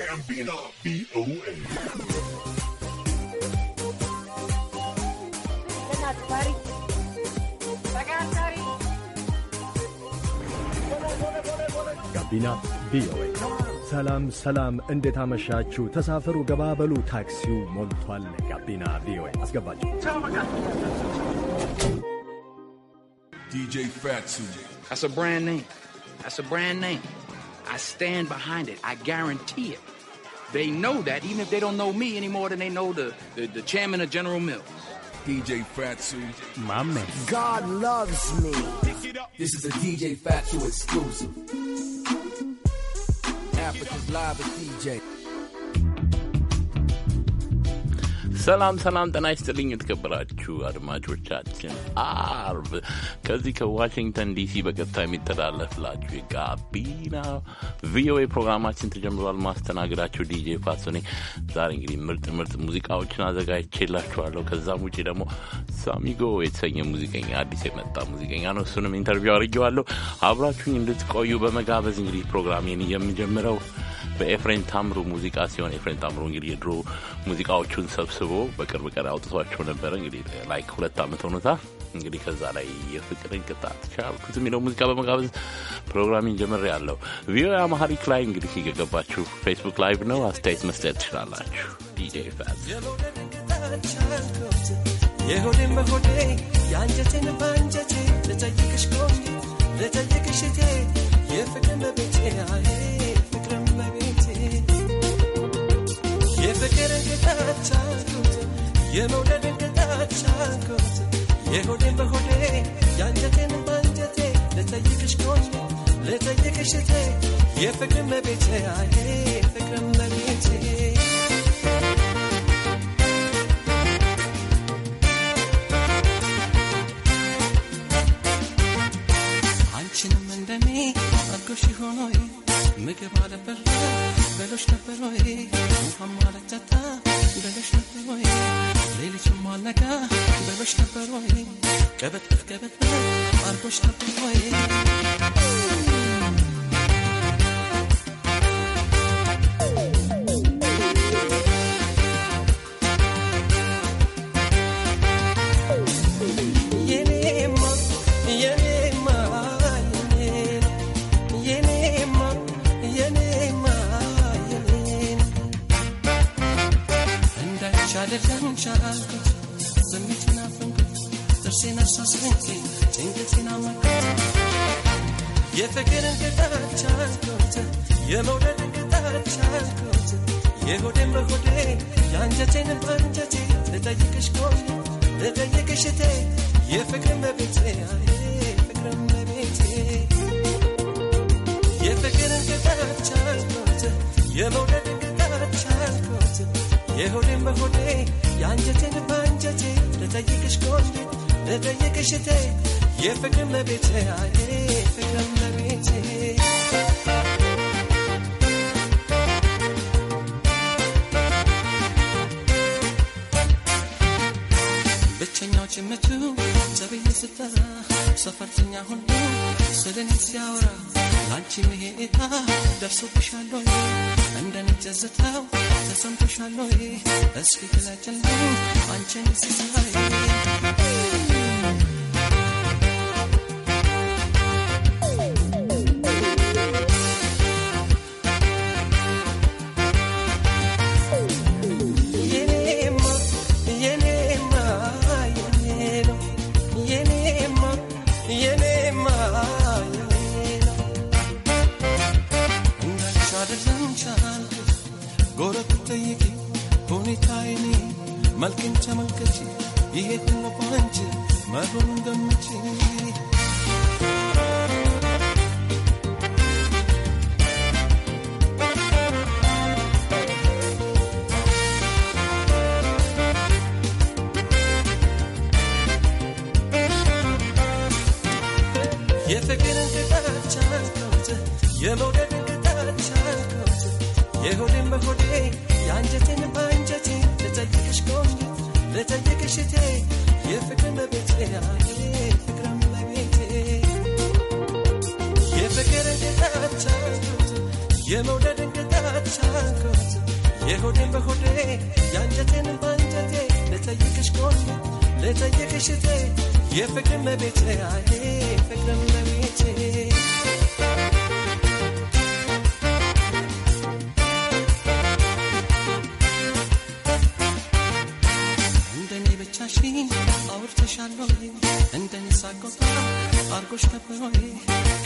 ጋቢና ቪኦኤ ጋቢና ቪኦኤ። ሰላም ሰላም፣ እንዴት አመሻችሁ? ተሳፈሩ፣ ገባበሉ፣ ታክሲው ሞልቷል። ጋቢና ቪኦኤ አስገባችሁ። ዲጄ ፋትሱ ስ ብራንድ brand name. That's stand behind it. I guarantee it. They know that, even if they don't know me any more than they know the, the, the chairman of General Mills. DJ Fatsu, my man. God loves me. This is a DJ Fatsu exclusive. Africa's live with DJ. ሰላም ሰላም፣ ጤና ይስጥልኝ የተከበራችሁ አድማጮቻችን፣ አርብ ከዚህ ከዋሽንግተን ዲሲ በቀጥታ የሚተላለፍላችሁ የጋቢና ቪኦኤ ፕሮግራማችን ተጀምሯል። ማስተናገዳችሁ ዲጄ ፋሶኔ። ዛሬ እንግዲህ ምርጥ ምርጥ ሙዚቃዎችን አዘጋጅቼላችኋለሁ። ከዛም ውጭ ደግሞ ሳሚጎ የተሰኘ ሙዚቀኛ አዲስ የመጣ ሙዚቀኛ ነው። እሱንም ኢንተርቪው አድርጌዋለሁ። አብራችሁኝ እንድትቆዩ በመጋበዝ እንግዲህ ፕሮግራሜን የምጀምረው በኤፍሬን ታምሩ ሙዚቃ ሲሆን ኤፍሬን ታምሩ እንግዲህ የድሮ ሙዚቃዎቹን ሰብስቦ ዘግቦ በቅርብ ቀን አውጥቷቸው ነበረ። እንግዲህ ላይክ ሁለት ዓመት ሆኖታል። እንግዲህ ከዛ ላይ የፍቅርን ቅጣት ቻልኩት የሚለው ሙዚቃ በመጋበዝ ፕሮግራሚን ጀምር ያለው ቪኦኤ አማሃሪክ ላይ እንግዲህ የገባችሁ ፌስቡክ ላይቭ ነው አስተያየት መስጠት ትችላላችሁ። ዲጄ ፋዝ የሆዴን በሆዴ የአንጀቴን በአንጀቴ ልጠይቅሽ የፍቅር መቤቴ የፍቅርን ቅጣት ቻልኩት የመውደድን ቅጣት የሆዴን በሆዴ የአንጀቴን በአንጀቴ ልጠይቅሽ ኮኜ ልጠይቅሽ እቴ የፍቅር በሎች ነበር ወይ አማረች በሎች ነበር ወይ ሌሊቱ ማለዳ በሎች ነበር ወይ Já deram chasco, se me tina funko, terceira sasrenki, tinga tina mako. የፍቅርን ቅጣት ቻልኩት የመውደድ ቅጣት ቻልኩት የሆዴን በሆዴ የአንጀቴን በአንጀቴ ልጠይቅሽ ቆይ ልጠይቅሽ እቴ የፍቅርን በቤቴ ፍቅርን በቤቴ የፍቅርን ቅጣት ቻልኩት የመውደድ ቅጣት ቻልኩት የሆዴን በሆዴ የአንጀቴን በአንጀቴ ልጠይቅሽ ከወዴት ልጠይቅሽ እቴ የፍቅር ለቤቴ ፍቅር ለቤቴ ብቸኛው ጭምቱ ዘብዬ ስትጠራ ሰፈርተኛ ሁሉ ስለኔ ሲያወራ ላንቺ ምሄኔታ ደርሶብሻል እንደንጨዝተው ተሰምቶሻል ወይ? እስኪ ግለጭልኝ አንቺን ሲሳይ የፍቅርን ቅጠቻ ከውት የመውደድን ቅጠቻ ከውት የሆዴን በሆዴ የአንጀቴን በአንጀቴ ልጠይቅሽ ቆንጆ ልጠይቅሽ እቴ የፍቅር መቤቴ ፍቅር መቤቴ የፍቅርን ቅጠቻ ከውት የመውደድን ቅጠቻ ከውት የሆዴን በሆዴ የአንጀቴን በአንጀቴ ልጠይቅሽ ቆንጆ ልጠይቅሽ እቴ የፍቅር መቤቴ አይ ፍቅር መቤቴ እንደኔ ብቻሽን አውርተሻለሁ እንደኔ ሳቆጣ አርጎሽ ነበር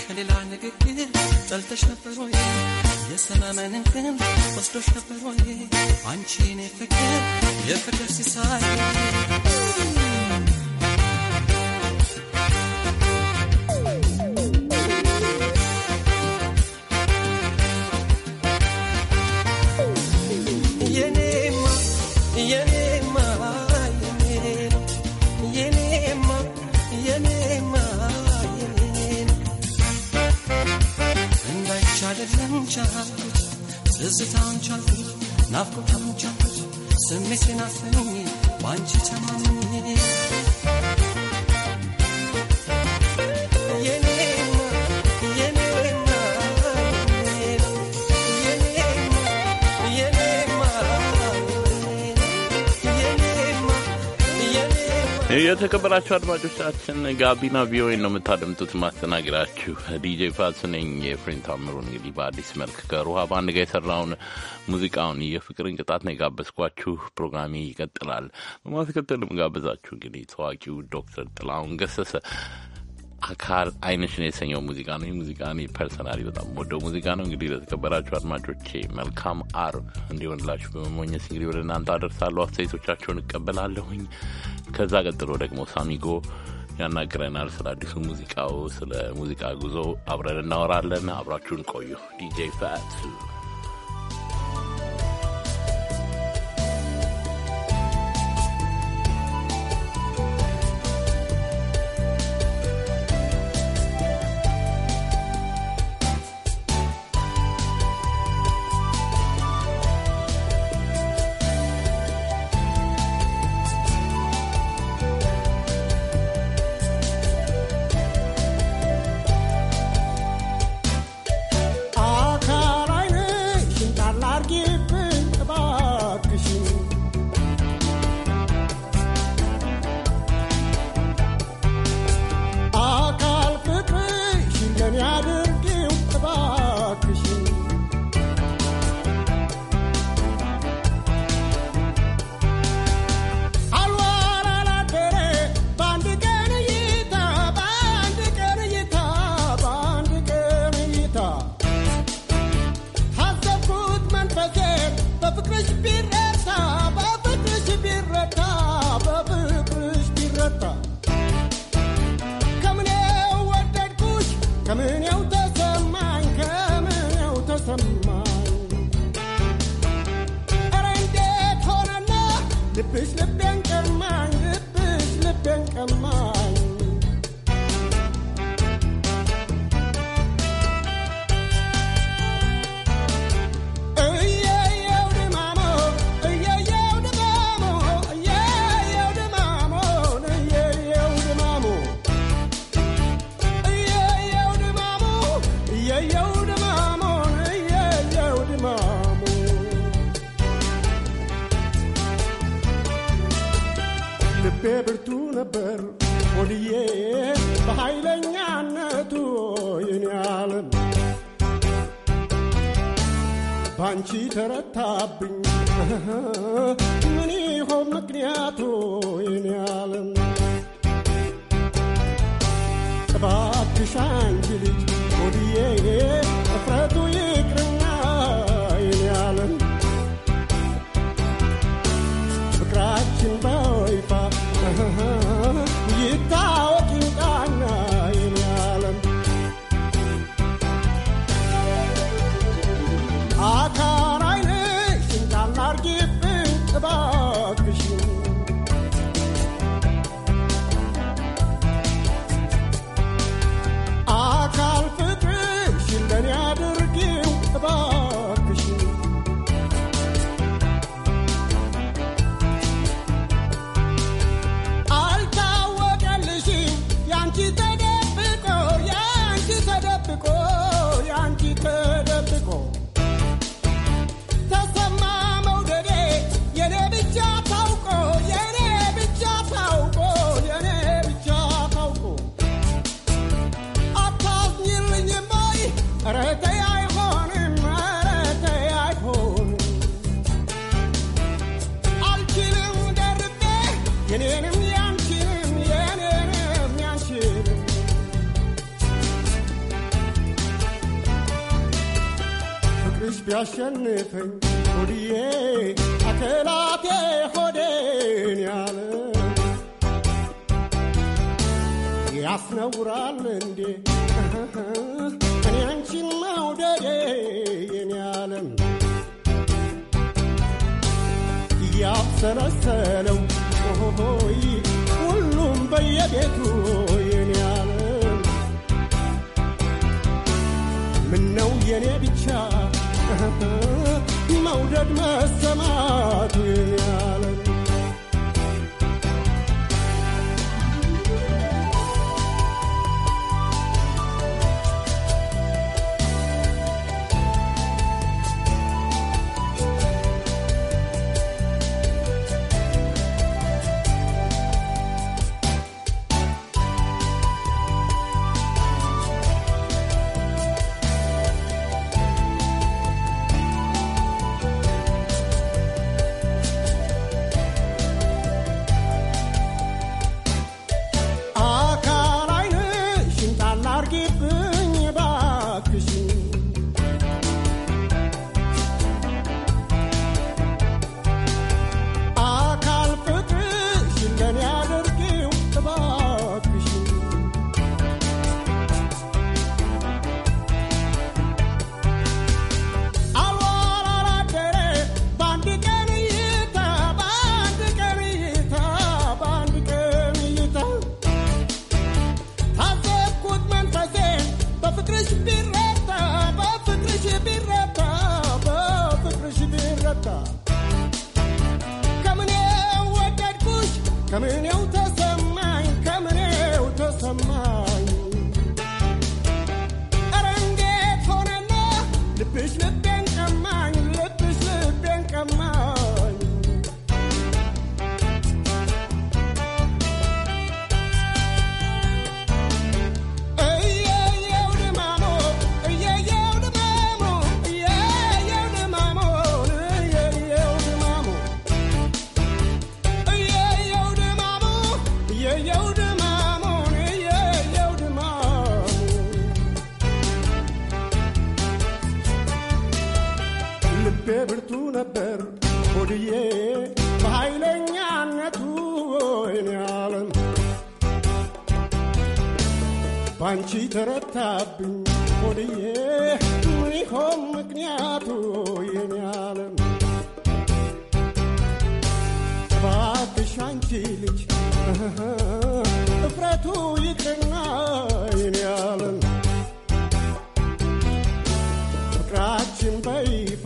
ከሌላ ንግግር ጠልተሽ ነበር ወይ የሰላመን ግን ወስዶሽ ነበር ወይ አንቺ እኔ ፍቅር የፍቅር ሲሳይ የተከበራችሁ አድማጮቻችን ጋቢና ቪኦኤ ነው የምታደምጡት። ማስተናግዳችሁ ዲጄ ፋስ ነኝ። የፍሬንት ታምሩ እንግዲህ በአዲስ መልክ ከሩሃ ባንድ ጋር የሰራውን ሙዚቃውን የፍቅርን ቅጣት ነው የጋበዝኳችሁ። ፕሮግራሜ ይቀጥላል። በማስከተልም ጋበዛችሁ እንግዲህ ታዋቂው ዶክተር ጥላሁን ገሰሰ አካል አይንሽ ነው የተሰኘው ሙዚቃ ነው። ይህ ሙዚቃ እኔ ፐርሰናሊ በጣም ወደው ሙዚቃ ነው። እንግዲህ ለተከበራችሁ አድማጮቼ መልካም አርብ እንዲሆንላችሁ በመሞኘት እንግዲህ ወደ እናንተ አደርሳለሁ። አስተያየቶቻቸውን እቀበላለሁኝ። ከዛ ቀጥሎ ደግሞ ሳሚጎ ያናግረናል። ስለ አዲሱ ሙዚቃው፣ ስለ ሙዚቃ ጉዞ አብረን እናወራለን። አብራችሁን ቆዩ። ዲጄ ፋቱ አሸንፈኝ ሆድዬ አከላቴ ሆዴን ያለ ያስነውራል እንዴ እኔ አንቺን መውደዴ የኔ ያለም ያብሰለሰለው ሆይ ሁሉም በየቤቱ የኔ ያለም ምነው የኔ ብቻ መውደድ መሰማት ያለ despertar. ባንቺ ተረታብኝ ሆድዬ ምን ይሆን ምክንያቱ የኔ ዓለም ባትሽ አንቺ ልጅ እፍረቱ ይቅርና የኔ ዓለም ፍቅራችን በይፋ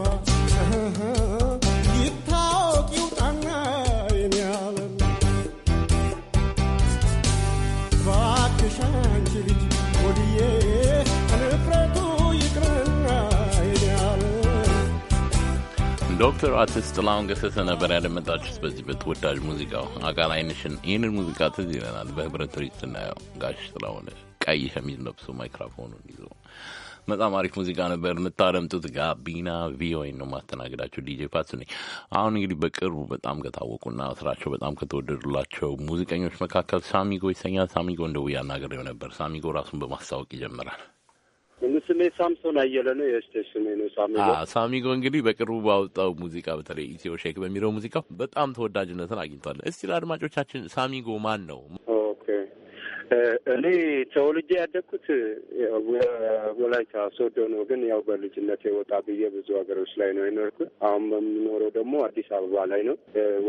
ዶክተር አርቲስት ጥላሁን ገሰሰ ነበር ያደመጣችሁት። በዚህ በተወዳጅ ሙዚቃው አቃል አይንሽን። ይህንን ሙዚቃ ትዝ ይለናል በህብረት ቱሪስት ስናየው ጋሽ ስለሆነ ቀይ ሸሚዝ ለብሶ ማይክሮፎኑን ይዞ በጣም አሪፍ ሙዚቃ ነበር። የምታደምጡት ጋቢና ቪኦኤ ነው። ማስተናገዳቸው ዲጄ ፋሱ ነኝ። አሁን እንግዲህ በቅርቡ በጣም ከታወቁና ስራቸው በጣም ከተወደዱላቸው ሙዚቀኞች መካከል ሳሚጎ ይሰኛል። ሳሚጎ እንደው ያናገረው ነበር። ሳሚጎ ራሱን በማስታወቅ ይጀምራል። ስሜ ሳምሶን አየለ ነው። የስቴ ስሜ ነው ሳሚጎ። ሳሚጎ እንግዲህ በቅርቡ ባወጣው ሙዚቃ በተለይ ኢትዮ ሼክ በሚለው ሙዚቃ በጣም ተወዳጅነትን አግኝቷል። እስቲ ለአድማጮቻችን ሳሚጎ ማን ነው? እኔ ተወልጄ ያደግኩት ወላይታ ሶዶ ነው። ግን ያው በልጅነት የወጣ ብዬ ብዙ ሀገሮች ላይ ነው የኖርኩት። አሁን በምኖረው ደግሞ አዲስ አበባ ላይ ነው።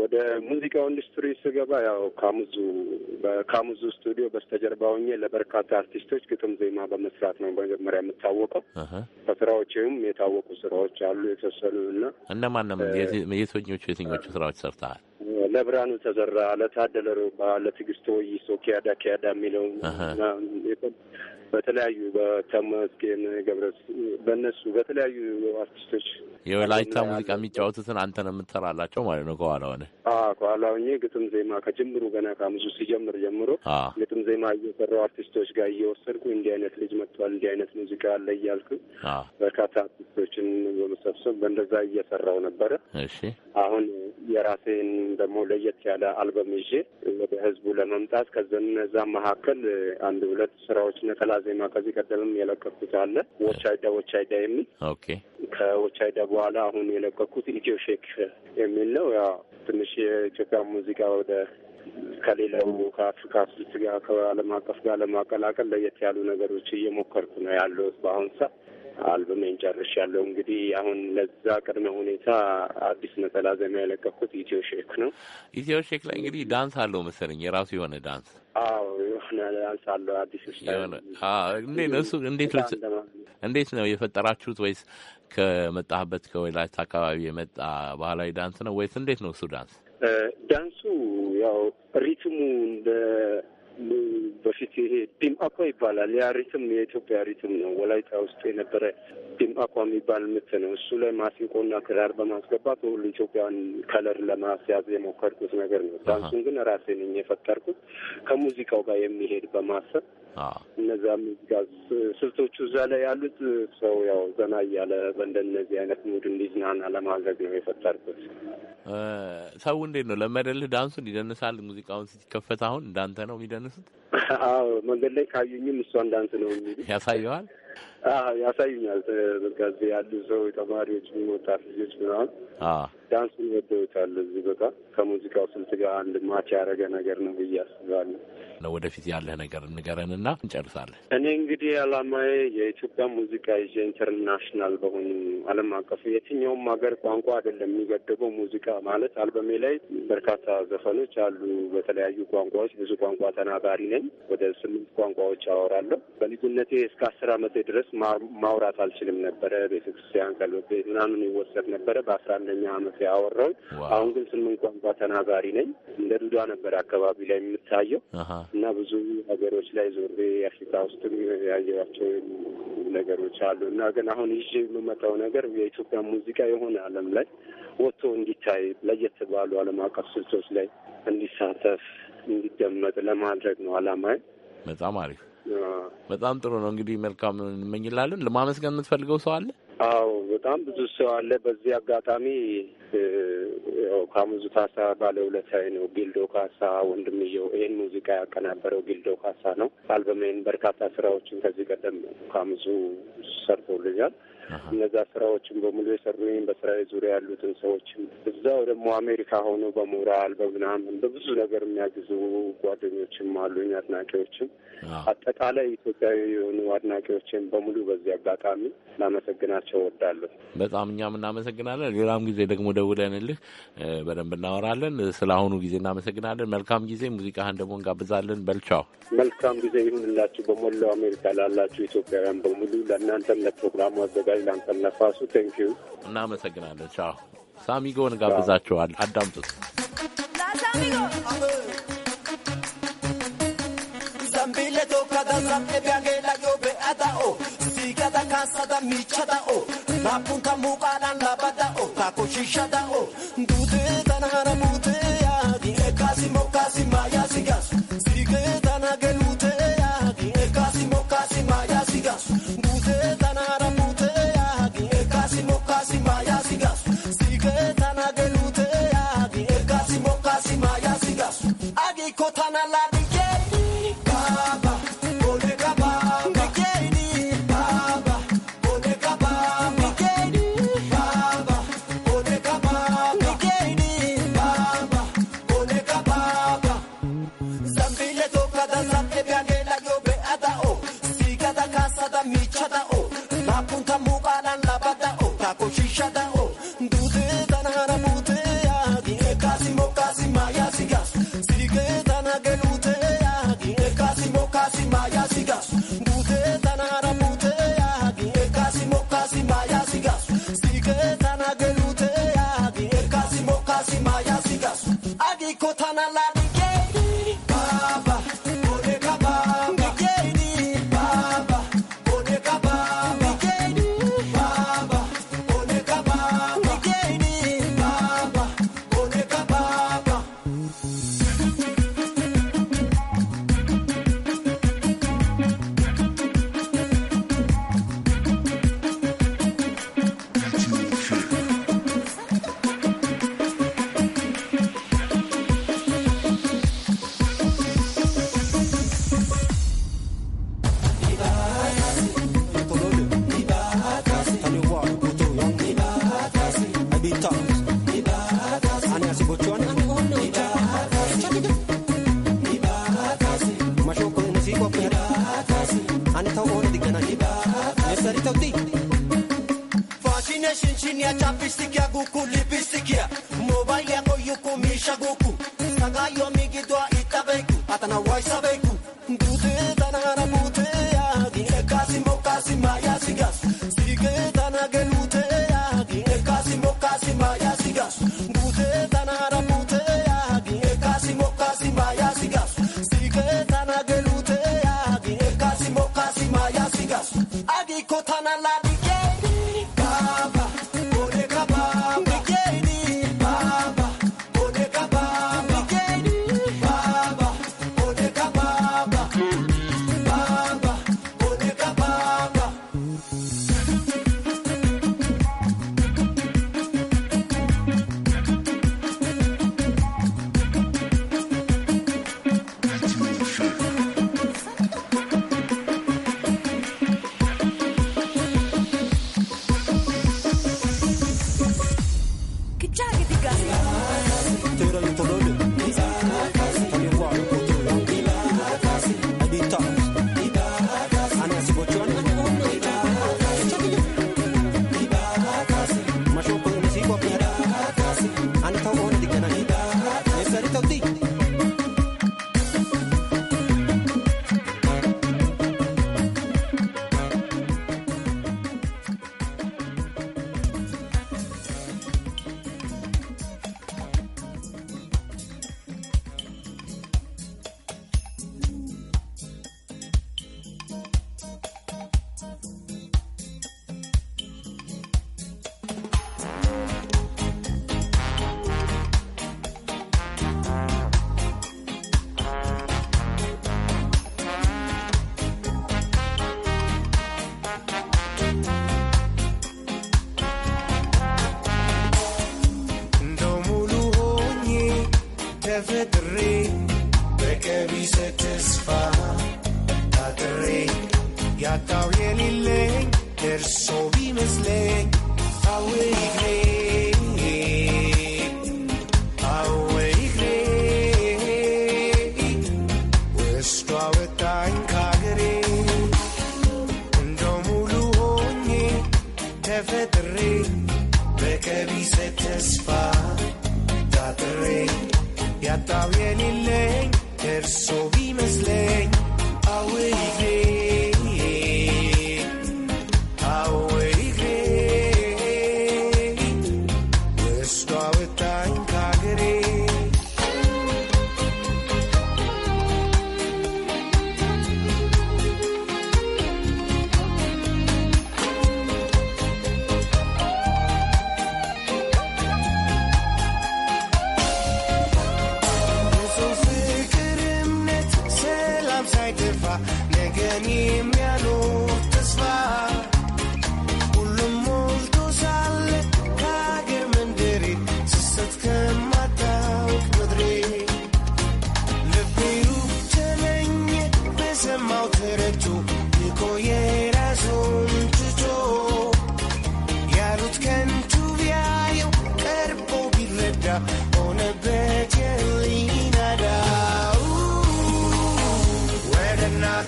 ወደ ሙዚቃው ኢንዱስትሪ ስገባ ያው ካሙዙ በካሙዙ ስቱዲዮ በስተጀርባ ሆኜ ለበርካታ አርቲስቶች ግጥም ዜማ በመስራት ነው በመጀመሪያ የምታወቀው። በስራዎችም የታወቁ ስራዎች አሉ የተወሰኑ እና እነማን ነው የትኞቹ የትኞቹ ስራዎች ሰርተሃል? ለብርሃኑ ተዘራ፣ ለታደለ ሮባ፣ ለትዕግስት ወይሶ፣ ኪያዳ ኪያዳ know. Uh-huh. Um, it, በተለያዩ በተመስገን ስኬን ገብረስ በእነሱ በተለያዩ አርቲስቶች የወላይታ ሙዚቃ የሚጫወቱትን አንተ ነው የምትሰራላቸው ማለት ነው። ከኋላ ሆነ ከኋላ ሆኜ ግጥም ዜማ ከጀምሩ ገና ከሙዙ ሲጀምር ጀምሮ ግጥም ዜማ እየሰራው አርቲስቶች ጋር እየወሰድኩ እንዲህ አይነት ልጅ መጥቷል፣ እንዲህ አይነት ሙዚቃ አለ እያልኩ በርካታ አርቲስቶችን በመሰብሰብ በእንደዛ እየሰራው ነበረ። እሺ አሁን የራሴን ደግሞ ለየት ያለ አልበም ይዤ ወደ ህዝቡ ለመምጣት ከዘነዛ መካከል አንድ ሁለት ስራዎች ነጠላ ዜማ ከዚህ ቀደምም የለቀኩት አለ ወቻይዳ ወቻይዳ የሚል ኦኬ። ከወቻይዳ በኋላ አሁን የለቀኩት ኢትዮ ሼክ የሚል ነው። ያ ትንሽ የኢትዮጵያ ሙዚቃ ወደ ከሌላው ከአፍሪካ ስልት ጋር ከዓለም አቀፍ ጋር ለማቀላቀል ለየት ያሉ ነገሮች እየሞከርኩ ነው ያለሁት በአሁን ሰዓት። አልበሜን ጨርሻለሁ። እንግዲህ አሁን ለዛ ቅድመ ሁኔታ አዲስ ነጠላ ዜማ የለቀኩት ኢትዮ ሼክ ነው። ኢትዮ ሼክ ላይ እንግዲህ ዳንስ አለው መሰለኝ የራሱ የሆነ ዳንስ። አዎ የሆነ ዳንስ አለው አዲስ ስታይል። እንዴት ነው እንዴት እንዴት ነው የፈጠራችሁት? ወይስ ከመጣህበት ከወላይታ አካባቢ የመጣ ባህላዊ ዳንስ ነው ወይስ እንዴት ነው እሱ ዳንስ? ዳንሱ ያው ሪትሙ እንደ በፊት ይሄ ዲም አኳ ይባላል። ያ ሪትም የኢትዮጵያ ሪትም ነው። ወላይታ ውስጥ የነበረ ዲም አኳ የሚባል ምት ነው። እሱ ላይ ማሲንቆና ክራር በማስገባት ሁሉ ኢትዮጵያን ከለር ለማስያዝ የሞከርኩት ነገር ነው። ዳንሱን ግን ራሴ ነኝ የፈጠርኩት ከሙዚቃው ጋር የሚሄድ በማሰብ እነዛም ስልቶቹ እዛ ላይ ያሉት ሰው ያው ዘና እያለ በእንደነዚህ አይነት ሙድ እንዲዝናና ለማድረግ ነው የፈጠርኩት። ሰው እንዴት ነው ለመደልህ? ዳንሱን ይደንሳል። ሙዚቃውን ሲከፈት አሁን እንዳንተ ነው የሚደንሱት? አዎ መንገድ ላይ ካዩኝም እሷን ዳንስ ነው የሚሉ ያሳየዋል ያሳዩኛል። በቃ ያሉ ሰው ተማሪዎች፣ ወጣት ልጆች ምናምን ዳንስ ይወደውታል። እዚህ በቃ ከሙዚቃው ስልት ጋር አንድ ማች ያደረገ ነገር ነው ብዬ አስባለሁ። ወደፊት ያለህ ነገር ንገረንና እንጨርሳለን። እኔ እንግዲህ አላማዬ የኢትዮጵያ ሙዚቃ ይዤ ኢንተርናሽናል በሆኑ ዓለም አቀፉ የትኛውም ሀገር ቋንቋ አይደለም የሚገደበው ሙዚቃ ማለት አልበሜ ላይ በርካታ ዘፈኖች አሉ በተለያዩ ቋንቋዎች። ብዙ ቋንቋ ተናጋሪ ነኝ። ወደ ስምንት ቋንቋዎች አወራለሁ። በልጅነቴ እስከ አስር አመት ድረስ ማውራት አልችልም ነበረ። ቤተክርስቲያን ቀልብ ቤት ምናምን ይወሰድ ነበረ። በአስራ አንደኛ አመት ያወራው አሁን ግን ስምንት ቋንቋ ተናጋሪ ነኝ። እንደ ዱዳ ነበር አካባቢ ላይ የምታየው እና ብዙ ሀገሮች ላይ ዞሬ አፍሪካ ውስጥም ያየኋቸው ነገሮች አሉ እና ግን አሁን ይዤ የምመጣው ነገር የኢትዮጵያ ሙዚቃ የሆነ አለም ላይ ወጥቶ እንዲታይ ለየት ባሉ አለም አቀፍ ስልቶች ላይ እንዲሳተፍ እንዲደመጥ ለማድረግ ነው አላማዬ። በጣም አሪፍ በጣም ጥሩ ነው። እንግዲህ መልካም እንመኝላለን። ለማመስገን የምትፈልገው ሰው አለ? አዎ በጣም ብዙ ሰው አለ። በዚህ አጋጣሚ ካሙዙ ካሳ ባለውለታዬ ነው። ጊልዶ ካሳ ወንድምየው ይህን ሙዚቃ ያቀናበረው ጊልዶ ካሳ ነው። አልበሜን በርካታ ስራዎችን ከዚህ ቀደም ከሙዙ ሰርቶልኛል። እነዛ ስራዎችን በሙሉ የሰሩኝ በስራ ዙሪያ ያሉትን ሰዎችም እዛው ደግሞ አሜሪካ ሆኖ በሞራል በምናምን በብዙ ነገር የሚያግዙ ጓደኞችም አሉኝ፣ አድናቂዎችም አጠቃላይ ኢትዮጵያዊ የሆኑ አድናቂዎችን በሙሉ በዚህ አጋጣሚ ላመሰግናቸው ወዳለሁ በጣም እኛም እናመሰግናለን። ሌላም ጊዜ ደግሞ ደውለንልህ በደንብ እናወራለን። ስለ አሁኑ ጊዜ እናመሰግናለን። መልካም ጊዜ። ሙዚቃህን ደግሞ እንጋብዛለን። በልቻው መልካም ጊዜ ይሁንላችሁ። በሞላው አሜሪካ ላላችሁ ኢትዮጵያውያን በሙሉ ለእናንተም ለፕሮግራሙ አዘጋጅ ይቀጥላል። ለአንተም ነፋሱ ቴንክ ዩ እናመሰግናለን። ቻው ሳሚጎን ጋብዛችኋል። አዳምጡት ሳሚጎ la la. la la Fascination chini ya chapstick ya guku lipstick ya mobile yako yuko misha guku sagayo migidwa itabeku atana waisabe la la.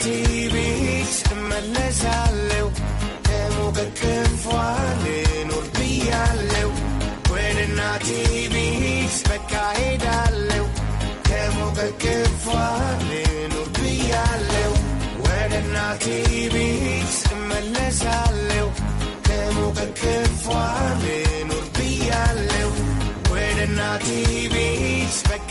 ቲቪ ስመለሳለው ከሞገድ ክንፏ ልኑር ብያለው ወደ እናቴ ቤት በቃ ሄዳለው ከሞገድ ክንፏ ልኑር ብያለው ወደ እናቴ ቤት ስመለሳለው ከሞገድ ክንፏ ልኑር ብያለው ወደ እናቴ ቤት በቃ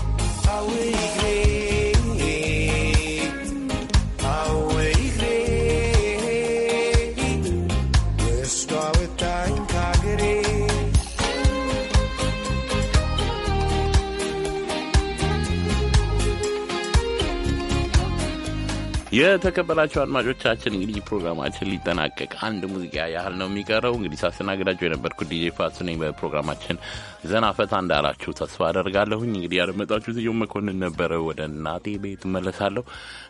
weekly. የተከበላቸው አድማጮቻችን እንግዲህ ፕሮግራማችን ሊጠናቀቅ አንድ ሙዚቃ ያህል ነው የሚቀረው። እንግዲህ ሳስተናግዳቸው የነበርኩት ዲጄ ፋሱ ነኝ። በፕሮግራማችን ዘና ፈታ እንዳላችሁ ተስፋ አደርጋለሁኝ። እንግዲህ ያደመጣችሁ ስዩም መኮንን ነበረ። ወደ እናቴ ቤት መለሳለሁ።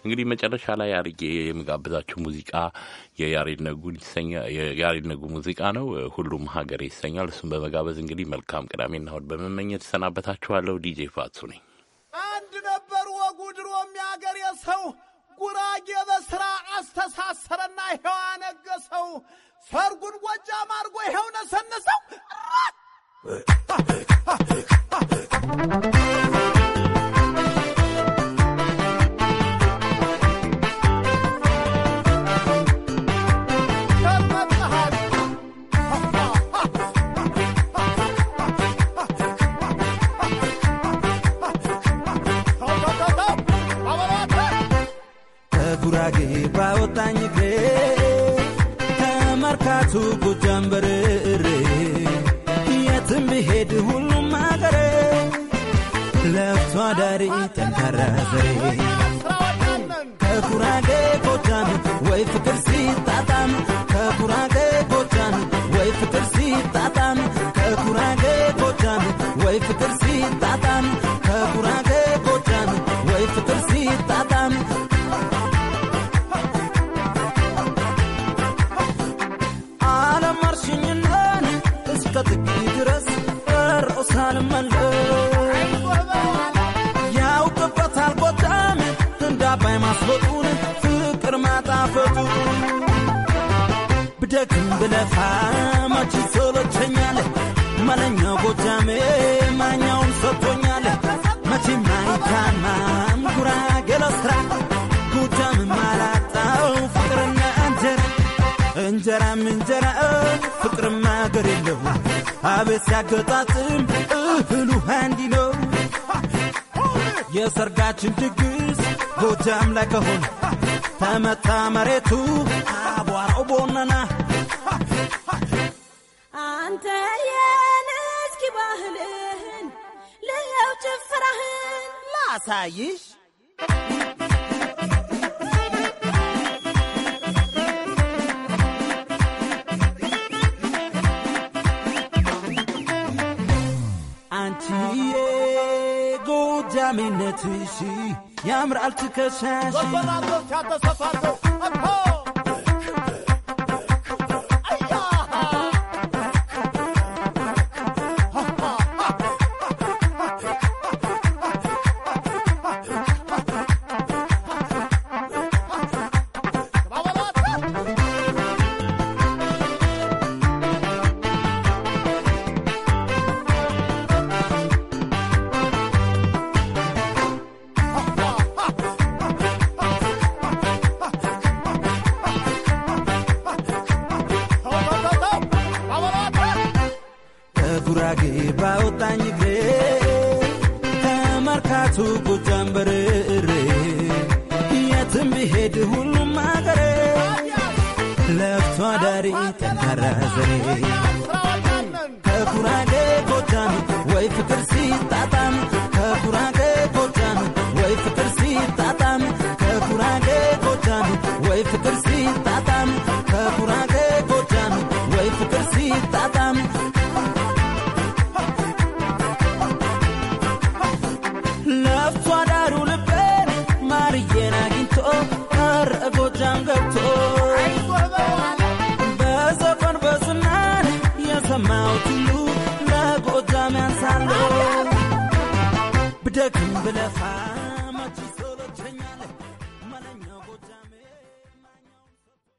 እንግዲህ መጨረሻ ላይ አርጌ የምጋብዛችሁ ሙዚቃ የያሬድ ነጉ ሙዚቃ ነው። ሁሉም ሀገር ይሰኛል። እሱም በመጋበዝ እንግዲህ መልካም ቅዳሜና እሑድ በመመኘት ሰናበታችኋለሁ። ዲጄ ፋሱ ነኝ። አንድ ነበሩ ወጉ የሚያገር የሰው ጉራጌ በስራ አስተሳሰረና ይኸው አነገሰው። ሰርጉን ጎጃም አድርጎ ይኸው ነሰነሰው። they ልደክም ብለፋ መች ሰለቸኛል መለኛ ጎጃሜ ማኛውን ሰጥቶኛል መቼ ማይታማም ጉራ ለስራ ጎጃም ማላጣው ፍቅርና እንጀራ እንጀራም እንጀራ ፍቅርም አገር የለው አቤት ሲያገጣጥም እህሉ አንዲ ነው የሰርጋችን ድግስ ጎጃም ላይ ከሆነ ተመታ መሬቱ አቧራው ቦነና አንተ የንስኪ ባህልህን ለየው ጭፍራህን ላሳይሽ አንቺዬ ጎጃሜነትሽ ያምራል ትከሻሽ ጎበናቶች ጉራጌ ባወጣኝ እግሬ ከመርካቱ ጎጃም በርሬ የትም ብሄድ ሁሉም አገሬ ለፍቶ አዳሪ ጠንካራ ዘሬ